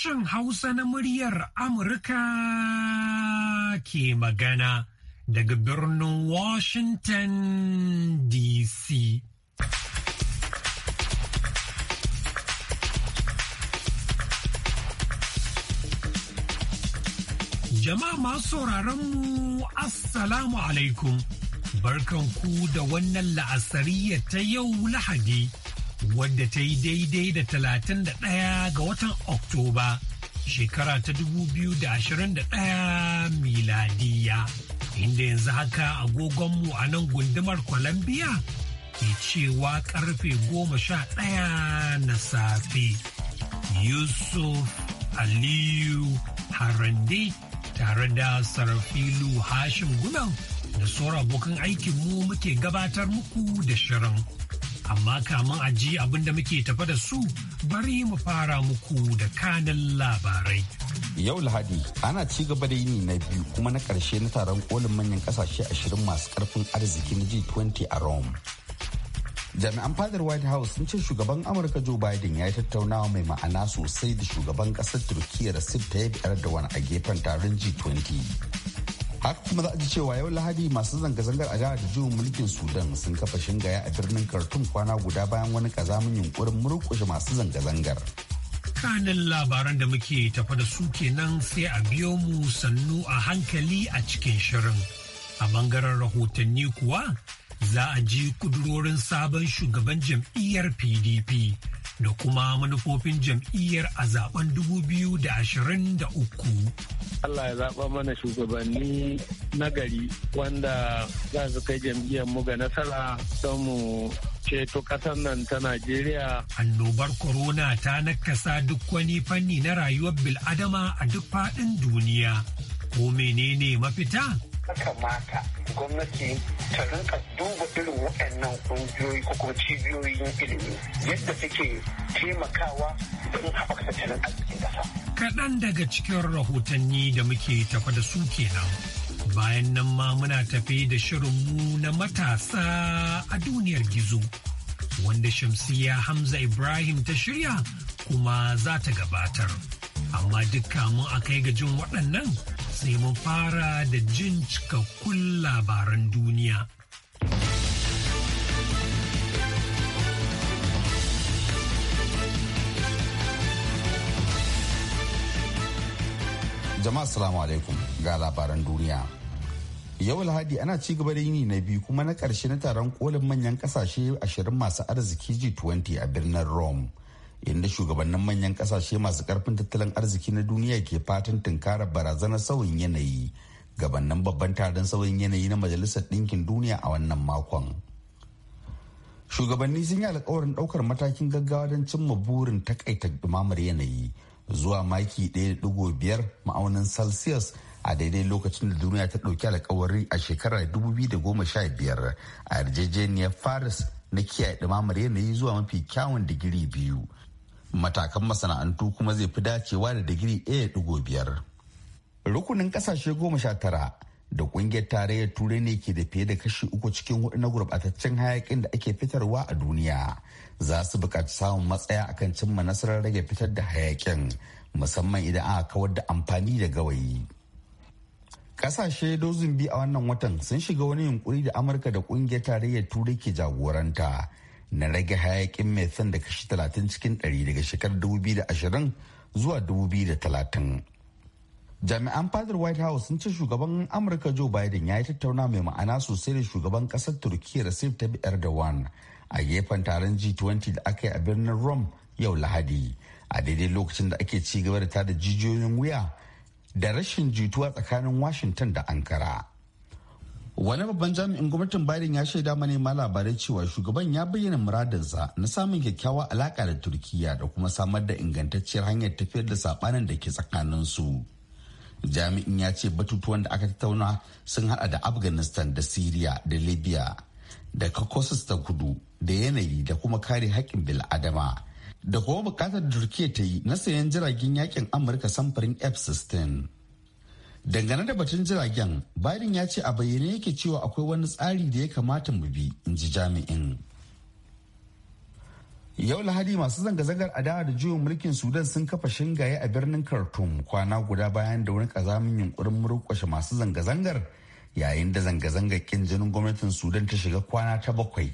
sashen Hausa na muryar Amurka ke magana daga birnin Washington DC. Jama'a masu mu Assalamu alaikum, barkan ku da wannan la'asariya ta yau Lahadi. wadda ta yi daidai da talatin da ɗaya ga watan Oktoba shekara ta dubu biyu da da ashirin 2021 miladiya. Inda yanzu haka agogonmu a nan gundumar Colombia ke cewa karfe goma sha ɗaya na safe. Yusuf Aliyu Harande tare da Sarafilu Hashim Gunan da sauran abokan aikinmu muke gabatar muku da shirin. Amma kamun aji ji abin da muke tafa da su bari mu fara muku da kanin labarai. Yau Lahadi ana ci gaba da yini na biyu kuma na karshe na taron kolin manyan kasashe ashirin masu karfin arziki na G20 a Rome. jami'an fadar white house sun ce shugaban amurka joe biden ya yi tattaunawa mai ma'ana sosai da shugaban kasar turkiyya recep tayyip erdogan a gefen taron g20 haka kuma za a ji cewa yau lahadi masu zanga-zangar a jihar juyin mulkin sudan sun kafa shingaya a birnin khartoum kwana guda bayan wani kazamin yunkurin murkushe masu zanga-zangar kanin labaran da muke tafa da su kenan sai a biyo mu sannu a hankali a cikin shirin a bangaren rahotanni kuwa za a ji kudurorin sabon shugaban jam'iyyar pdp da kuma manufofin jam'iyyar a zaben 2023 Allah ya zaɓa mana shugabanni na gari wanda za su kai jam'iyyar mu ga nasara don mu ceto ƙasar nan ta Najeriya. Annobar corona ta nakasa duk wani fanni na rayuwar bil'adama a duk faɗin duniya. Ko menene mafita? ya kamata gwamnati ta rinka duba irin waɗannan ƙungiyoyi ko kuma cibiyoyin ilimi yadda suke taimakawa don haɓaka tattalin arzikin ƙasa. Kaɗan daga cikin rahotanni da muke tafa da su kenan. Bayan nan ma muna tafe da shirinmu na matasa a duniyar gizo, wanda Shamsiya Hamza Ibrahim ta shirya kuma za ta gabatar. Amma duk mun a kai ga jin waɗannan sai mun fara da jin cikakkun labaran duniya. Jama'a salamu alaikum ga labaran duniya. Yau Lahadi ana ci gaba da yini na biyu kuma na ƙarshe na taron kolin manyan ƙasashe ashirin masu arziki G20 a birnin Rome. inda shugabannin manyan kasashe masu karfin tattalin arziki na duniya ke fatan tunkarar barazanar sauyin yanayi gabannin babban taron sauyin yanayi na majalisar ɗinkin duniya a wannan makon shugabanni sun yi alkawarin ɗaukar matakin gaggawa don cimma burin takaita dumamar yanayi zuwa maki 1.5 ma'aunin celsius a daidai lokacin da duniya ta ɗauki alkawari a shekarar 2015 a yarjejeniyar faris na kiyaye dumamar yanayi zuwa mafi kyawun digiri biyu matakan masana'antu kuma zai fi dacewa da digiri biyar. rukunin kasashe goma sha tara da kungiyar tarayyar turai ne ke da fiye da kashi uku cikin hudu na gurbataccen hayakin da ake fitarwa a duniya za su buƙaci samun matsaya akan cimma nasarar rage fitar da hayakin musamman idan aka kawar da amfani da gawayi kasashe dozin biyu a wannan watan sun shiga wani yunkuri da amurka da kungiyar tarayyar turai ke jagoranta na rage hayakin son da kashi 30 cikin 100 daga shekarar 2020 zuwa 2030. Jami'an fadar White House sun ce shugaban Amurka Joe Biden ya yi tattauna mai ma'ana sosai da shugaban kasar Turkiyya Recep Tayyip Erdogan a gefen taron G20 da aka yi a birnin Rome yau Lahadi. A daidai lokacin da ake ci gaba da tada jijiyoyin wuya da rashin jituwa tsakanin Washington da Ankara. wani babban jami'in gwamnatin biden ya shaida manema labarai cewa shugaban ya bayyana muradinsa na samun kyakkyawa alaka da turkiya da kuma samar da ingantacciyar hanyar tafiyar da sabanin da ke tsakaninsu jami'in ya ce batutuwan da aka tattauna sun hada da afghanistan da syria da libya da caucasus ta kudu da yanayi da kuma kare haƙƙin bil'adama da kuma bukatar da turkiya ta yi na sayan jiragen yakin amurka samfurin f-16 dangane da batun jiragen biden ya ce a bayyane yake cewa akwai wani tsari da ya kamata mu bi in ji jami'in yau lahadi masu zanga-zangar adawa da juyin mulkin sudan sun kafa shingaye a birnin khartoum kwana guda bayan da wani kazamin yunkurin murƙushe masu zanga-zangar yayin da zanga-zangar kin jinin gwamnatin sudan ta shiga kwana ta bakwai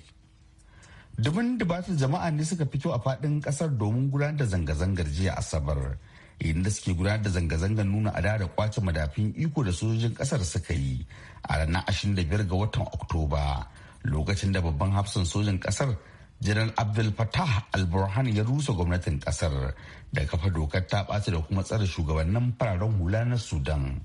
dubin dubatun jama'a ne suka fito a faɗin ƙasar domin gudanar da zanga-zangar jiya asabar inda suke gudanar da zanga-zangar nuna ada da kwace madafin iko da sojojin kasar suka yi a ranar 25 ga watan oktoba lokacin da babban hafsan sojin kasar Jiran abdul fatah al-burhan ya rusa gwamnatin kasar da kafa dokar ta ɓaci da kuma tsare shugabannin fararen hula na sudan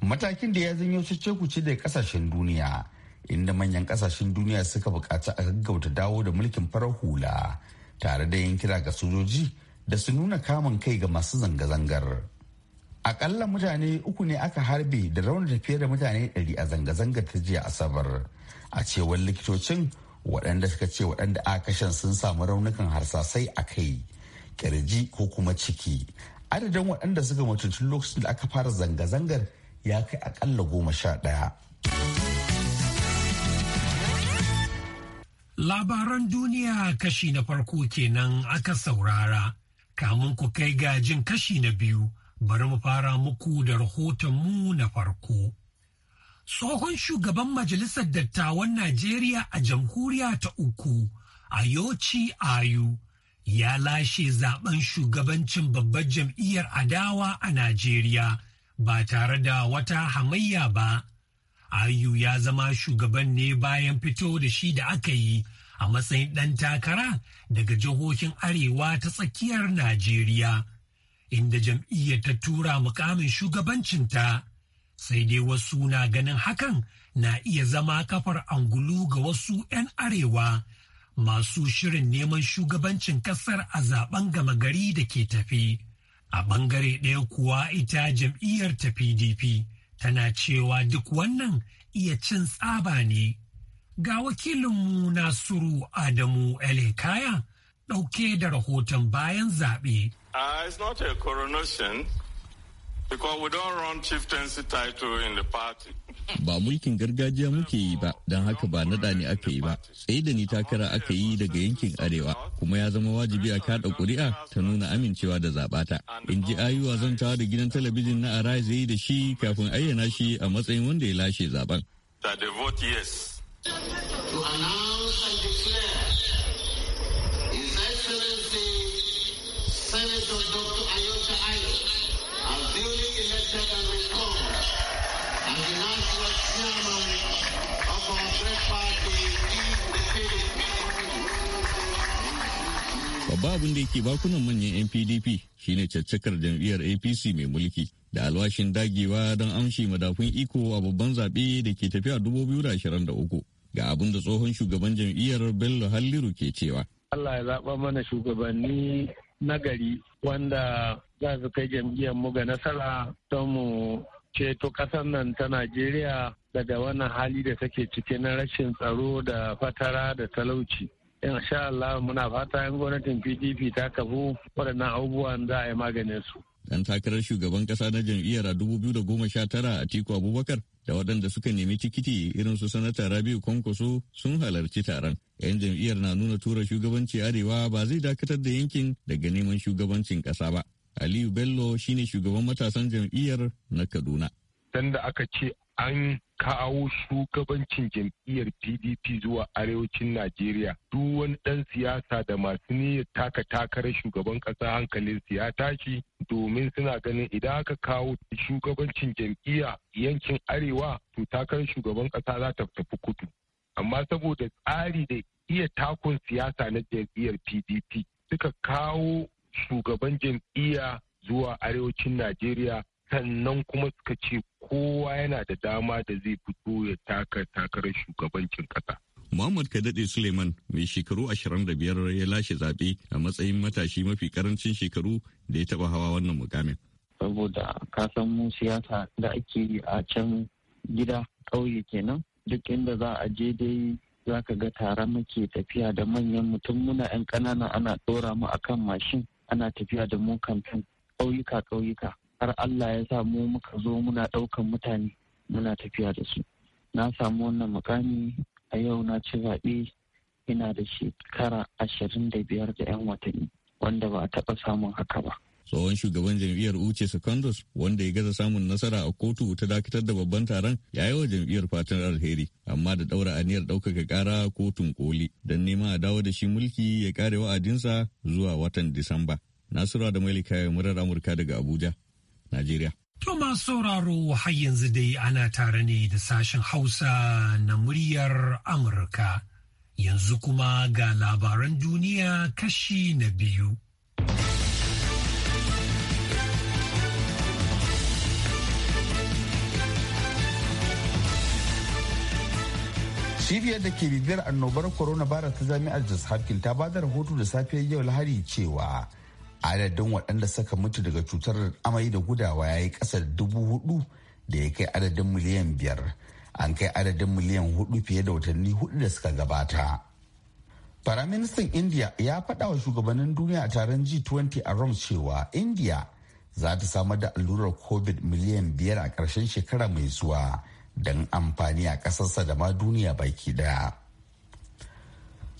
matakin da ya janyo ce da kasashen duniya inda manyan kasashen duniya suka buƙaci a gaggauta dawo da mulkin farar hula tare da yin kira ga sojoji da su nuna kamun kai ga masu zanga-zangar. Akalla mutane uku ne aka harbe da raunata fiye da mutane ɗari a zanga-zangar ta jiya Asabar. A cewar likitocin waɗanda suka ce waɗanda aka kashen sun samu raunukan harsasai a kai, ƙirji, ko kuma ciki. Adadin waɗanda suka mutu tun lokacin da aka fara zanga-zangar ya kai akalla goma sha ɗaya. Labaran duniya kashi na farko kenan aka saurara kamun ku kai gajin kashi na biyu bari mu fara muku da rahoton mu na farko. Tsohon shugaban Majalisar Dattawan Najeriya a jamhuriya ta uku, Ayoci Ayu, ya lashe zaben shugabancin babbar jam'iyyar adawa a Najeriya ba tare da wata hamayya ba. Ayu ya zama shugaban ne bayan fito da shi da aka yi a matsayin ɗan takara daga jihohin Arewa ta tsakiyar Najeriya, inda jam'iyyar ta tura mukamin shugabancinta. Sai dai wasu na ganin hakan na iya zama kafar angulu ga wasu 'yan Arewa masu shirin neman shugabancin ƙasar a zaben gama gari da ke tafi. A ɓangare ɗaya kuwa ita jam'iyyar ta PDP tana cewa duk wannan iya cin tsaba ne. Ga wakilinmu Nasiru Adamu Elekaya ɗauke da rahoton bayan zaɓe. Uh, ba mulkin gargajiya muke yi ba, don haka ba naɗa ne aka yi ba. Tsaye da ni takara aka yi daga yankin Arewa, kuma ya zama wajibi a kaɗa ƙuri'a ta nuna amincewa da zaɓata. In ji ayuwa zantawa da gidan talabijin na Arise da shi kafin ayyana shi a matsayin wanda ya lashe zaben. To announce and declare His Excellency Senator Dr. Ayota Ayo as duly elected and returned as the national chairman of our great party Babba abin da yake bakunan manyan NPDP shine caccakar jam'iyyar APC mai mulki da alwashin dagewa don amshi madafun iko a babban zaɓe da ke tafiya 2023. ga abin da tsohon shugaban jam'iyyar bello halliru ke cewa allah ya zaɓa mana shugabanni na gari wanda za su kai jam'iyyar mu ga nasara don mu ceto ƙasar nan ta najeriya daga wannan hali da take ciki na rashin tsaro da fatara da talauci in sha Allah muna fata yan gwamnatin PDP ta kafu waɗannan abubuwan za a yi maganin su. dan takarar shugaban kasa na jam'iyyar a 2019 tiku Abubakar da waɗanda suka nemi tikiti irin su sanata Rabiu Kwankwaso sun halarci taron. 'Yan jam'iyyar na nuna tura shugabanci arewa ba zai dakatar da yankin daga neman shugabancin ƙasa ba. Aliyu Bello shine shugaban matasan jam'iyyar na Kaduna. Dan da aka ce an kawo shugabancin jam'iyyar pdp zuwa arewacin najeriya duk wani ɗan siyasa da masu niyyar taka takarar shugaban ƙasa hankalinsu ya tashi domin suna ganin idan aka kawo shugabancin jam'iyya yankin arewa to takarar shugaban ƙasa za ta tafi kudu amma saboda tsari da iya takun siyasa na jam'iyyar pdp suka kawo shugaban jam'iyya zuwa arewacin najeriya sannan kuma suka ce kowa yana da dama da zai fito ya taka takarar shugabancin kasa. Muhammad Kadade Suleiman mai shekaru 25 ya lashe zaɓe a matsayin matashi mafi karancin shekaru da ya taɓa hawa wannan mukamin. Saboda kasan mu siyasa da ake yi a can gida ƙauye kenan duk inda za a je dai za ka ga tare muke tafiya da manyan mutum muna 'yan ƙanana ana ɗora mu akan mashin ana tafiya da mu kamfen ƙauyuka ƙauyuka har Allah ya sa mu muka zo muna ɗaukan mutane muna tafiya da su na samu wannan mukami a yau na ci zaɓe ina da shekara ashirin da biyar da 'yan watanni wanda ba a taɓa samun haka ba tsohon shugaban jam'iyyar uce secondus wanda ya gaza samun nasara a kotu ta dakatar da babban taron ya yi wa jam'iyyar fatan alheri amma da daura aniyar ɗaukaka ƙara kotun koli don nema a dawo da shi mulki ya kare wa'adinsa zuwa watan disamba nasura da mailika murar amurka daga abuja Najeriya. To masu sauraro har yanzu dai ana tare ne da sashen Hausa na muryar Amurka. Yanzu kuma ga labaran duniya kashi na biyu. cibiyar da ke bibiyar annobar coronavirus ta jami'ar jos hopkins ta ba da rahoto da safiyar yau lahari cewa adadin waɗanda suka mutu daga cutar amai da gudawa ya yi ƙasa dubu hudu da ya kai adadin miliyan biyar an kai adadin miliyan hudu fiye da watanni hudu da suka gabata faraministan india ya faɗa wa shugabannin duniya a taron g20 a rome cewa india za ta samar da allurar covid miliyan biyar a ƙarshen shekara mai zuwa don amfani a ƙasarsa da ma duniya baki ɗaya.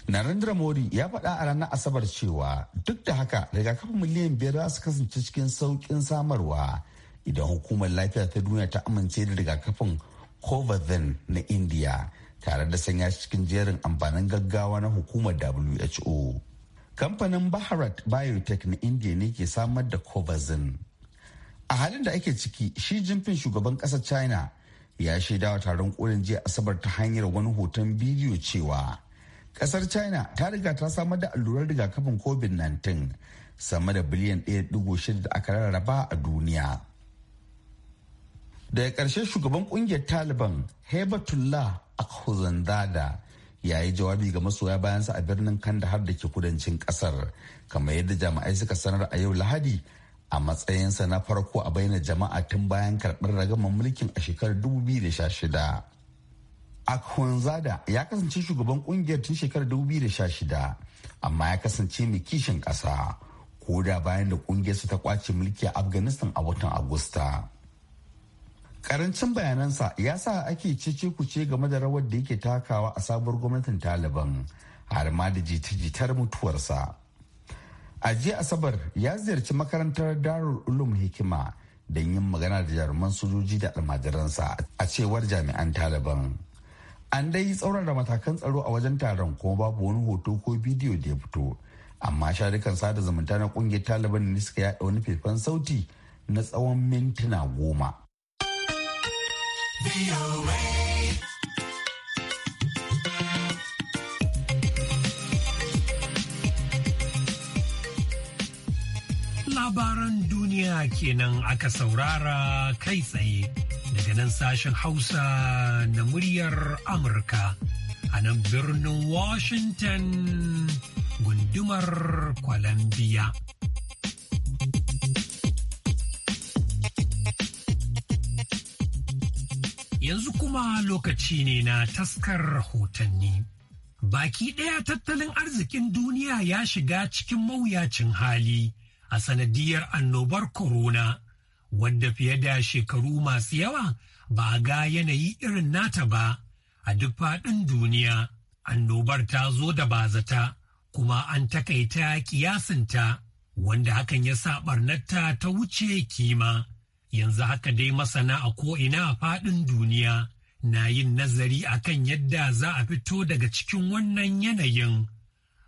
Narendra Modi ya faɗa a ranar Asabar cewa duk da haka rigakafin miliyan biyar za su kasance cikin sauƙin samarwa idan hukumar lafiya ta duniya ta amince da rigakafin Covaxin na India tare da sanya cikin jerin amfanin gaggawa na hukumar WHO. Kamfanin Bharat Biotech na India ne ke samar da Covaxin. A halin da ake ciki, shi jimfin shugaban ƙasar China ya shaidawa taron ƙolin jiya Asabar ta hanyar wani hoton bidiyo cewa kasar china ta riga ta samar da allurar rigakafin covid-19 sama da biliyan 1.6 da aka rarraba a duniya daga karshe shugaban kungiyar taliban hebatullah akhuzandada ya yi jawabi ga masoya bayansa a birnin kandahar da ke kudancin kasar kamar yadda jami'ai suka sanar a yau lahadi a matsayinsa na farko a bayyana jama'a tun bayan karɓar ragaman mulkin a shekarar 2016 Akhunzada ya kasance shugaban kungiyar tun shekarar 2016 amma ya kasance mai kishin ƙasa ko da bayan da kungiyarsa ta kwace mulki a Afghanistan a watan Agusta. Karancin bayanansa ya sa ake cece kuce game da rawar da yake takawa a sabuwar gwamnatin Taliban har ma da jita-jitar mutuwarsa. A jiya Asabar ya ziyarci makarantar Darul Ulum Hikima don yin magana da jaruman sojoji da almajiransa a cewar jami'an Taliban. an dai tsaurara matakan tsaro a wajen taron kuma babu wani hoto ko bidiyo da ya fito amma sharikan sada zumunta na kungiyar taliban ne suka yaɗa wani faifan sauti na tsawon mintuna goma labaran duniya kenan aka saurara kai tsaye daga nan sashen Hausa na muryar Amurka a nan birnin Washington gundumar Columbia. Yanzu kuma lokaci ne na taskar rahotanni. Baki ɗaya tattalin arzikin duniya ya shiga cikin mawuyacin hali a sanadiyar annobar corona. wanda fiye da shekaru masu yawa ba a ga yanayi irin nata ba a duk faɗin duniya annobar ta zo da bazata kuma an takaita kiyasinta wanda hakan ya sa barnatta ta wuce kima yanzu haka dai masana a ko'ina a faɗin duniya na yin nazari a kan yadda za a fito daga cikin wannan yanayin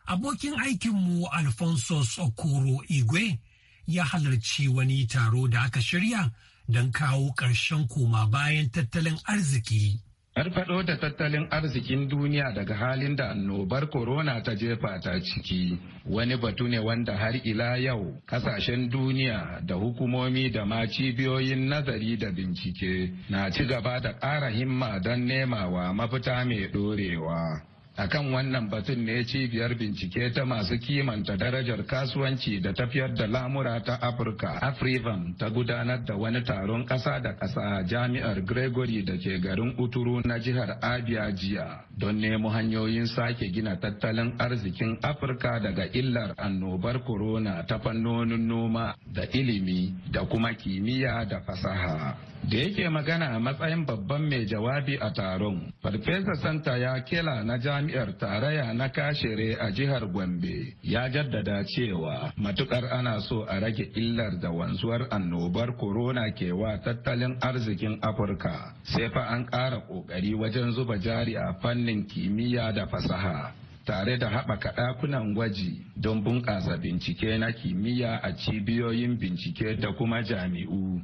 abokin aikinmu alfonso okoro igwe ya halarci wani taro da aka shirya don kawo ƙarshen koma bayan tattalin arziki. Farfaɗo da tattalin arzikin duniya daga halin da annobar corona ta jefa ta ciki wani batu ne wanda har ila yau kasashen duniya da hukumomi da ma cibiyoyin nazari da bincike na ci gaba da ƙara himma don nemawa mafita mai ɗorewa. akan wannan batun ne cibiyar bincike ta masu kimanta darajar kasuwanci da tafiyar da lamura ta afirka afrivan ta gudanar da wani taron ƙasa da ƙasa jami'ar gregory da ke garin uturu na jihar abia jiya don nemo hanyoyin sake gina tattalin arzikin afirka daga illar annobar corona ta fannonin noma da ilimi da kuma kimiyya da fasaha da yake magana a matsayin babban mai jawabi a taron farfesa santa ya kela na jami'ar tarayya na kashere a jihar gombe ya jaddada cewa matukar ana so a rage illar da wanzuwar annobar corona ke wa tattalin arzikin afirka sai fa an ƙara ƙoƙari wajen zuba jari a fannin kimiyya da fasaha tare da haɓaka ɗakunan gwaji don bunƙasa bincike na kimiyya a cibiyoyin bincike da kuma jami'u.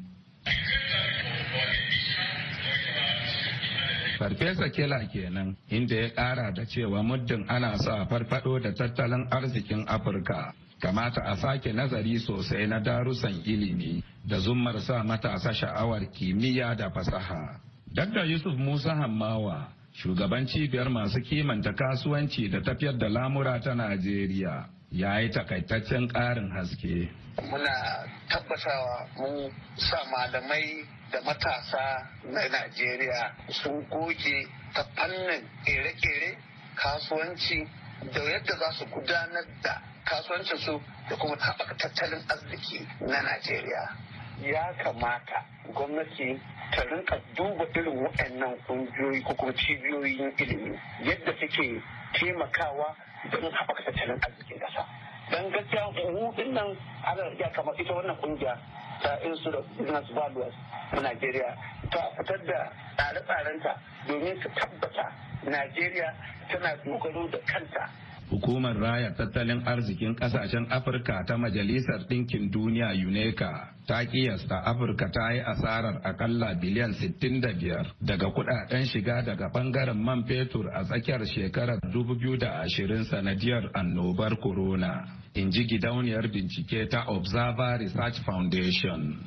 Farfesa Kela kenan inda ya ƙara da cewa muddin ana sa farfado da tattalin arzikin Afirka. Kamata a sake nazari sosai na darussan ilimi da zummar sa matasa sha'awar kimiyya da fasaha. Dr. Yusuf Musa Hammawa, shugaban cibiyar masu kimanta kasuwanci da tafiyar da lamura ta Najeriya. ya yi takaitaccen ƙarin haske. Muna tabbatawa mu sa malamai da matasa na Najeriya sun goge ta fannin ƙere-ƙere kasuwanci da yadda za su gudanar da su da kuma haɓaka tattalin arziki na Najeriya. ya kamata gwamnati ta rinka duba irin waɗannan ƙungiyoyi ko kuma cibiyoyin ilimi yadda suke taimakawa don haɓaka tattalin arzikin ƙasa don gaskiya mu dinnan ana ya kamar ita wannan kungiya ta insu da business values na Najeriya ta fitar da tsare-tsarenta domin su tabbata Najeriya tana dogaro da kanta hukumar raya tattalin arzikin kasashen afirka ta majalisar ɗinkin duniya uneca ta kiyasta afirka ta yi asarar akalla biliyan 65 daga kudaden shiga daga bangaren man fetur a tsakiyar shekarar 2020 sanadiyar annobar corona in ji gidauniyar bincike ta observer research foundation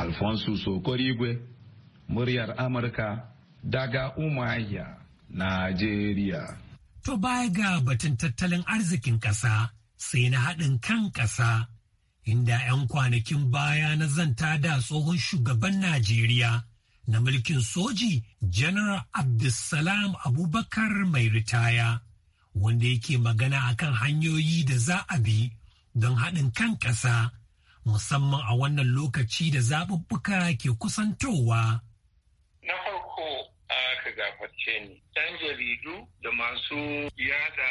alfonso sokorigwe muryar amurka daga umahia najeriya To baya ga batun tattalin arzikin ƙasa sai na haɗin kan ƙasa, inda 'yan kwanakin baya na zanta da tsohon shugaban Najeriya na mulkin soji General Abdulsalam Abubakar mai ritaya, wanda yake magana akan hanyoyi da za a bi don haɗin kan ƙasa, musamman a wannan lokaci da zaɓuɓɓuka ke kusantowa. gafarce ni yan jaridu da masu yada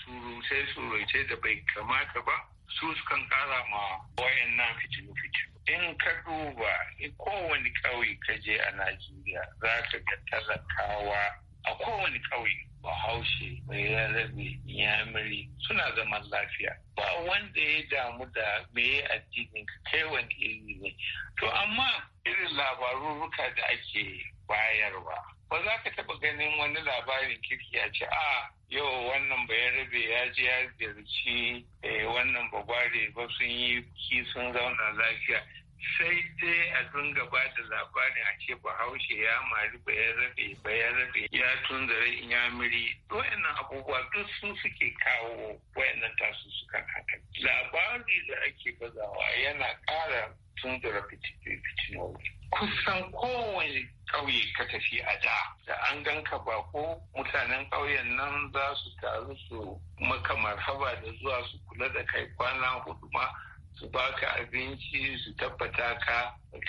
surutai-surutai da bai kamata ba su sukan kara ma wayannan fitilu-fitilu in ka duba in kowane ƙauye ka je a najeriya za ka ga talakawa a kowane ƙauye bahaushe mai rarrabe yamiri suna zaman lafiya ba wanda ya damu da meye addinin kai wani iri ne to amma irin labarurruka da ake bayarwa ba za ka taɓa ganin wani labarin kirki a ce a yau wannan ba ya rabe ya ji ya ziyarci eh, wannan bagware ba sun yi ki sun zauna lafiya sai dai a dinga ba da labarin a ce bahaushe ya mari ba ya rabe ba ya rabe ya tunzare inyamiri wayannan abubuwa duk sun suke kawo wayannan tasu sukan haka labari da ake bazawa yana ƙara tunzura fitinoli kusan kowane ƙauye ka tafi a da da an gan ganka ko mutanen ƙauyen nan za su taru su maka haba da zuwa su kula da kai kwana hudu ma su baka abinci su tabbata ka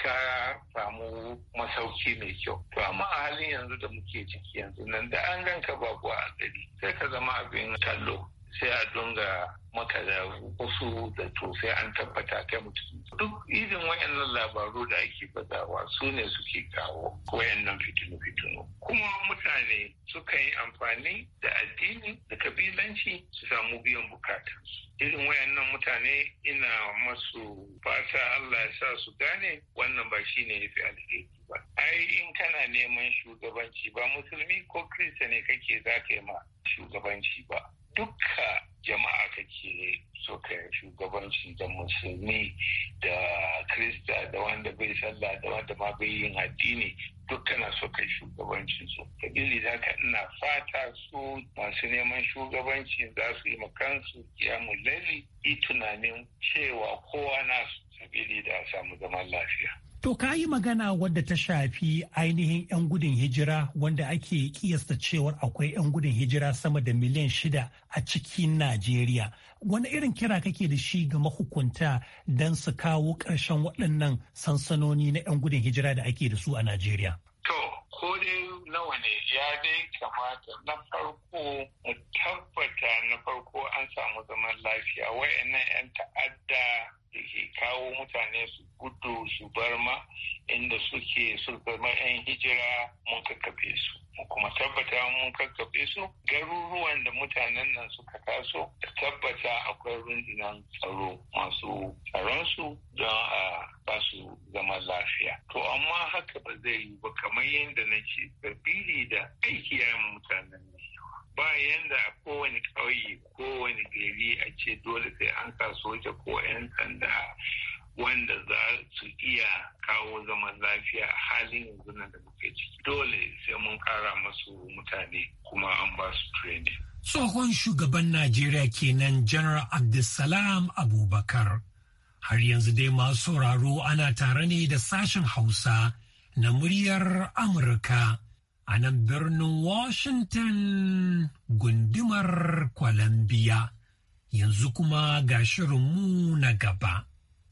ka samu masauki mai kyau to amma a halin yanzu da muke ciki yanzu nan da an ganka babu a gari sai ka zama abin kallo sai a dunga maka da wasu da to sai an tabbata kai mutum duk irin wayannan labaru da ake bazawa su ne suke kawo wayannan fitinu-fitinu kuma mutane suka yi amfani da addini da kabilanci su samu biyan bukata irin wayannan mutane ina masu fata Allah ya sa su gane wannan ba shine yafi alheri ba ai in kana neman shugabanci ba musulmi ko kirista ne kake za ka yi ma shugabanci ba dukka jama'a kake so ka shugabanci da musulmi da krista da wanda bai sallah da wanda ma bai yin addini na so kai shugabancin su kabili za ka ina fata su masu neman shugabanci za su yi makansu ya lalli yi tunanin cewa kowa nasu sabili da samu zaman lafiya To ka yi magana wadda ta shafi ainihin 'yan gudun hijira wanda ake kiyasta cewar akwai 'yan gudun hijira sama da miliyan shida a cikin Najeriya. Wani irin kira kake da shi ga mahukunta don su kawo ƙarshen waɗannan sansanoni na 'yan gudun hijira da ake da su a Najeriya? To, ko nawa ne ya dai kamata na farko mu tabbata na farko an samu zaman lafiya wayannan 'yan ta'adda da ke kawo mutane su gudu su barma inda suke su zama 'yan hijira mun kakkafe su mu kuma tabbata mun kakkaɓe su garuruwan da mutanen nan suka taso da tabbata akwai rundunan tsaro masu tsaronsu don a ba su zama lafiya. To amma haka ba zai yi ba kamar yadda na ce sabili da aiki ya mutanen nan. ba yadda a kowane ƙauye kowane gari a ce dole sai an soja ko 'yan sanda wanda za su iya kawo zaman lafiya a halin yanzu nan da muke ciki dole sai mun kara masu mutane kuma an ba su training tsohon shugaban najeriya kenan general abdulsalam abubakar har yanzu dai masu sauraro ana tare ne da sashen hausa na muryar amurka a nan birnin washington gundumar columbia yanzu kuma ga shirinmu na gaba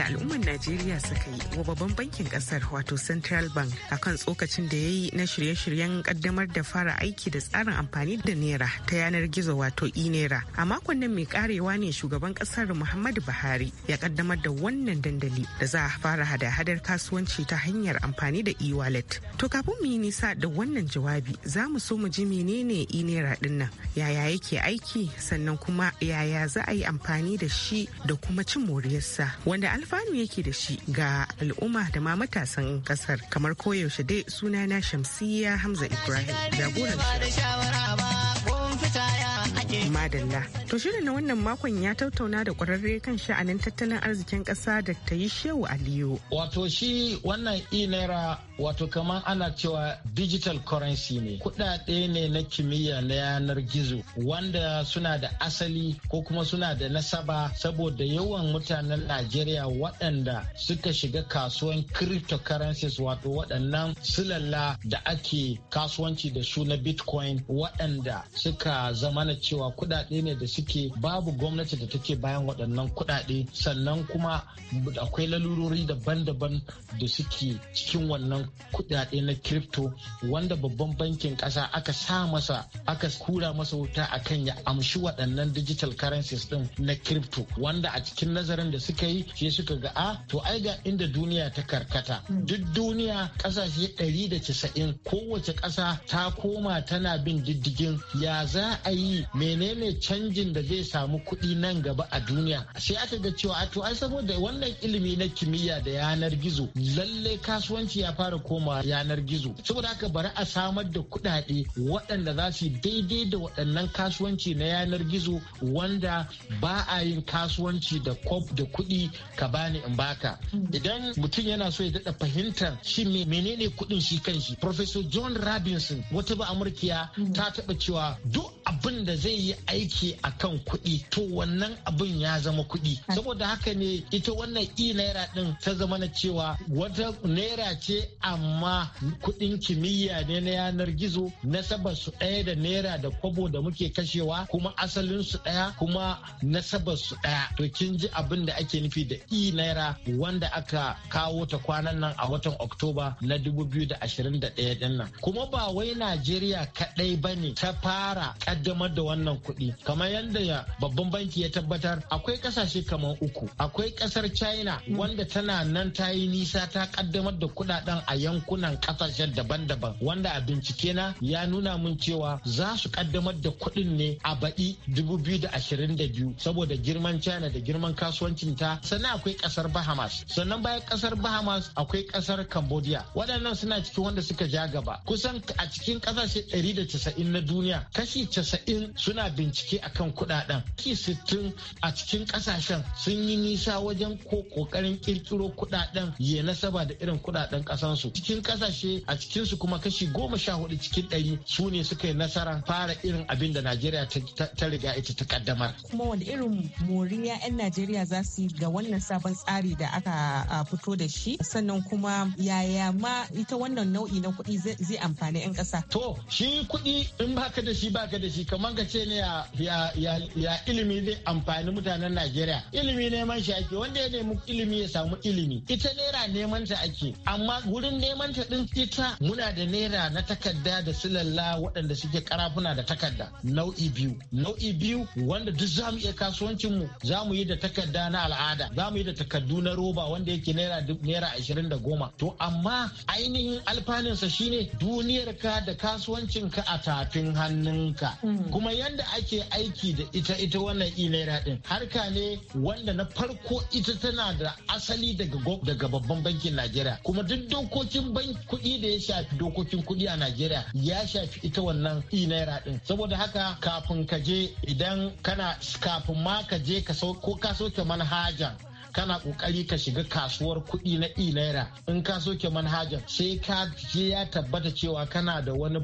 da al'ummar Najeriya suka yi wa babban bankin kasar wato Central Bank a kan tsokacin da ya yi na shirye-shiryen kaddamar da fara aiki da tsarin amfani da naira ta yanar gizo wato e-naira. A makon nan mai karewa ne shugaban kasar Muhammadu Buhari ya kaddamar da wannan dandali da za a fara hada-hadar kasuwanci ta hanyar amfani da e-wallet. To kafin mu yi nisa da wannan jawabi za mu so mu ji menene e-naira din yaya yake aiki sannan kuma yaya za a yi amfani da shi da kuma cin moriyarsa wanda alfa alfanu yake da shi ga al'umma da ma matasan kasar kamar koyaushe dai suna na shamsiyya hamza ibrahim jagoran madalla. To shirin na wannan makon ya tattauna da kwararre kan sha'anin tattalin arzikin kasa da ta yi shehu aliyu. Wato shi wannan e naira wato kamar ana cewa digital currency ne kudade ne na kimiyya na yanar gizo wanda suna da asali ko kuma suna da nasaba saboda yawan mutanen najeriya waɗanda suka shiga kasuwan cryptocurrencies wato waɗannan silalla da ake kasuwanci da su na bitcoin waɗanda suka zamana cewa kudade ne da suke babu gwamnati da take bayan waɗannan kudade sannan kuma akwai lalurori daban-daban da suke cikin wannan kudade na crypto wanda babban bankin kasa aka sa masa aka kura masa wuta a kan ya amshi waɗannan digital currencies din na crypto wanda a cikin nazarin da suka yi shi suka ga a ah, to ai ga inda duniya ta karkata hmm. duk duniya kasashe 190 kowace ƙasa ta koma tana bin diddigin ya za a yi menene canjin da zai samu kuɗi nan gaba a duniya sai aka ga cewa ah, to ai saboda wannan ilimi na kimiyya da yanar gizo lallai kasuwanci ya fara koma yanar gizo saboda haka bari a samar da kuɗaɗe waɗanda za su daidai da waɗannan kasuwanci na yanar gizo wanda ba a yin kasuwanci da kwab da kuɗi ka bani in baka mm. idan mutum yana so ya daɗa fahimtar shi menene kuɗin shi kanshi professor john robinson wata ba amurkiya mm. ta taɓa cewa duk wanda zai yi aiki a kan kuɗi to wannan abin ya zama kuɗi saboda haka ne ita wannan i e naira din ta zama na cewa wata naira ce amma kuɗin kimiyya ne na yanar gizo nasabar su ɗaya da naira da kwabo da muke kashewa kuma asalin su ɗaya kuma nasabar su ɗaya to kin ji abin da ake nufi da i e naira wanda aka kawo ta kwanan nan a watan oktoba na 2021 din nan kuma ba wai najeriya kaɗai ba ne ta fara ƙaddamar samar da wannan kuɗi kamar yadda babban banki ya tabbatar akwai kasashe kamar uku akwai kasar china wanda tana nan ta yi nisa ta kaddamar da kuɗaɗen a yankunan kasashen daban-daban wanda a bincike na ya nuna mun cewa za su kaddamar da kuɗin ne a baɗi biyu saboda girman china da girman kasuwancin ta sannan akwai kasar bahamas sannan bayan kasar bahamas akwai kasar cambodia waɗannan suna cikin wanda suka ja gaba kusan a cikin kasashe casa'in na duniya kashi 90 sittin suna bincike akan kudaden ki sittin a cikin kasashen sun yi nisa wajen ko kokarin kirkiro kudaden ya nasaba da irin kudaden kasansu cikin kasashe a cikin su kuma kashi goma sha hudu cikin ɗari su ne suka yi nasara fara irin abin da najeriya ta riga ita ta kaddamar kuma wani irin moriya 'yan najeriya za su yi ga wannan sabon tsari da aka fito da shi sannan kuma yaya ma ita wannan nau'i na kuɗi zai amfani 'yan kasa. to shi kuɗi in baka da shi baka da shi kamar ka ne ya ilimi zai amfani mutanen Najeriya. Ilimi neman shi ake wanda ya nemi ilimi ya samu ilimi. Ita naira neman ta ake amma wurin neman ta din ita muna da naira na takarda da silalla waɗanda suke karafuna da takarda nau'i biyu. Nau'i biyu wanda duk za mu iya kasuwancin mu za mu yi da takarda na al'ada za mu yi da takardu na roba wanda yake naira naira ashirin da goma. To amma ainihin alfanunsa shine duniyarka da kasuwancinka a tafin hannunka. Hmm. kuma yadda ake aiki da ita ita wannan e-naira din harka ne wanda na farko ita tana da asali daga babban bankin najeriya kuma duk dokokin kuɗi da ya shafi dokokin kuɗi a najeriya ya shafi ita wannan e-naira din saboda haka kafin ka je idan kana kafin ma ka je ka ko ka soke manhajan kana kokari ka shiga kasuwar kuɗi na e naira in ka soke manhajar sai ka je ya tabbata cewa kana da wani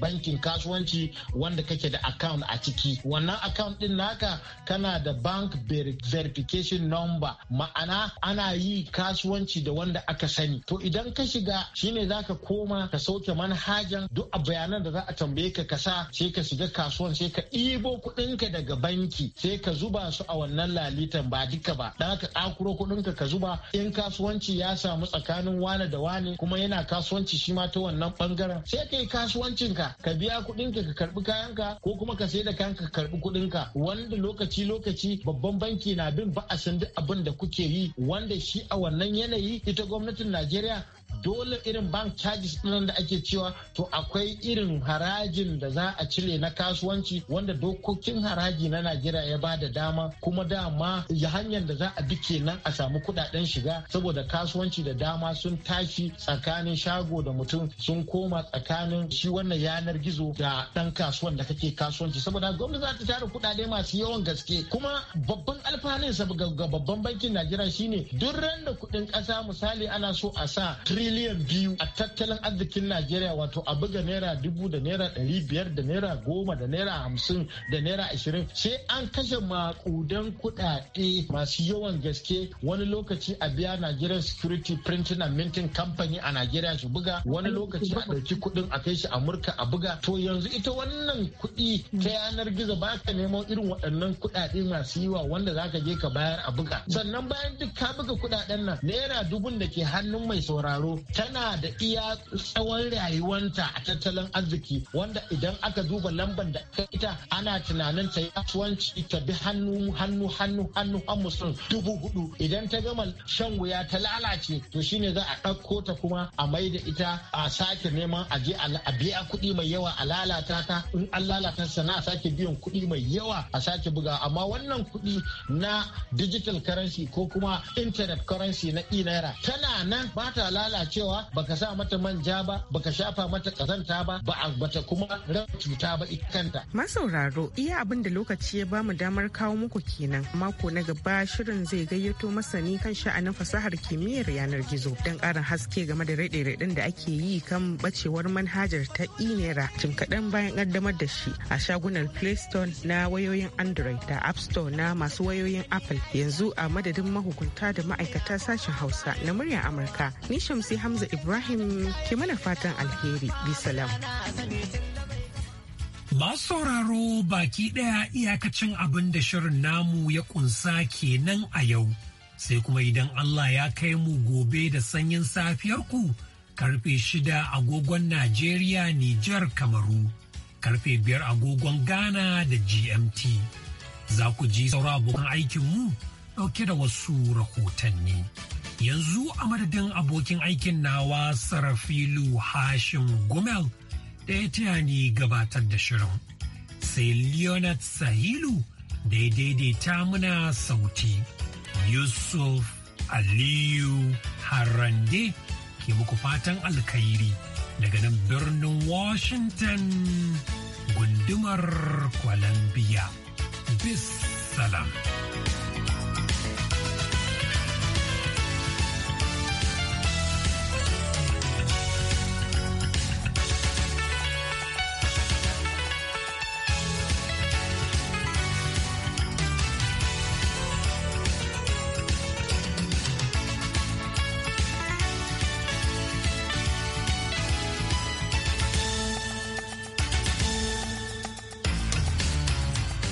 bankin kasuwanci wanda kake da account a ciki wannan account din naka kana da bank verification number ma'ana ana yi kasuwanci da wanda aka sani to idan ka shiga shine zaka koma ka sauke manhajan duk a bayanan da za a tambaye ka kasa sai ka shiga kasuwan sai ka ibo kuɗinka daga banki sai ka zuba su a wannan lalitan ba duka ba dan tsakuro kuɗin ka ka zuba in kasuwanci ya samu tsakanin wane da wane kuma yana kasuwanci shi ma ta wannan bangaren sai ka yi kasuwancin ka ka biya kuɗinka ka ka karbi kayan ko kuma ka sai da kayan ka karbi kuɗin ka wanda lokaci lokaci babban banki na bin ba'asin duk abin da kuke yi wanda shi a wannan yanayi ita gwamnatin Najeriya dole irin bank charges ɗin da ake cewa to akwai irin harajin da za a cire na kasuwanci wanda dokokin haraji na Najeriya ya ba da dama kuma dama ya hanyar da za a bi kenan a samu kuɗaɗen shiga saboda kasuwanci da dama sun tashi tsakanin shago da mutum sun koma tsakanin shi wannan yanar gizo da ɗan kasuwan da kake kasuwanci saboda gwamnati za ta tara kuɗaɗe masu yawan gaske kuma babban alfanun ga babban bankin Najeriya shine duk randa kudin kuɗin ƙasa misali ana so a sa trillion biliyan biyu a tattalin arzikin Najeriya wato a buga naira dubu da naira ɗari biyar da naira goma da naira hamsin da naira ashirin sai an kashe makudan kuɗaɗe masu yawan gaske wani lokaci a biya Nigerian Security Printing and Minting Company a Najeriya su buga wani lokaci a ɗauki kuɗin a kai shi Amurka a buga to yanzu ita wannan kuɗi ta yanar gizo ba ka neman irin waɗannan kuɗaɗe masu yiwa wanda za ka je ka bayar a buga sannan bayan duk ka buga kuɗaɗen nan naira dubun da ke hannun mai sauraro tana da iya tsawon rayuwanta a tattalin arziki wanda idan aka duba lambar da ita ana tunanin ta kasuwanci ta bi hannu hannu hannu hannu har mutum dubu hudu idan ta gama shan wuya ta lalace to shine za a ɗauko ta kuma a mai da ita a sake neman a je a biya kuɗi mai yawa a lalata ta in an lalata sana a sake biyan kuɗi mai yawa a sake buga amma wannan kuɗi na digital currency ko kuma internet currency na e naira tana nan ba ta lalace cewa baka sa mata manja ba baka shafa mata kazanta ba ba a bata kuma ran cuta ba ita masauraro iya abin da lokaci ya bamu damar kawo muku kenan mako na gaba shirin zai gayyato masani kan sha'anin fasahar kimiyyar yanar gizo don karin haske game da raɗe-raɗen da ake yi kan bacewar manhajar ta inera jim kaɗan bayan ƙaddamar da shi a shagunan playstone na wayoyin android da app store na masu wayoyin apple yanzu a madadin mahukunta da ma'aikata sashen hausa na muryar amurka ni shamsi sai Hamza Ibrahim ke mana fatan alheri. Bisalam. Masu sauraro baki ɗaya iyakacin abin da shirin namu ya kunsa kenan a yau. Sai kuma idan Allah ya kai mu gobe da sanyin safiyar ku. karfe shida agogon Najeriya, Nijar, Kamaru, karfe biyar agogon Ghana da GMT. Za ku ji saura abokan aikinmu ɗauke da wasu rahotanni. Yanzu a madadin abokin aikin nawa Sarafilu Hashim Gumel da ya taya ni gabatar da shirin. Sai Leonard Sahilu da ya daidaita muna sauti. Yusuf Aliyu Harande ke muku fatan alkhairi daga nan birnin Washington gundumar Columbia. Bis salam.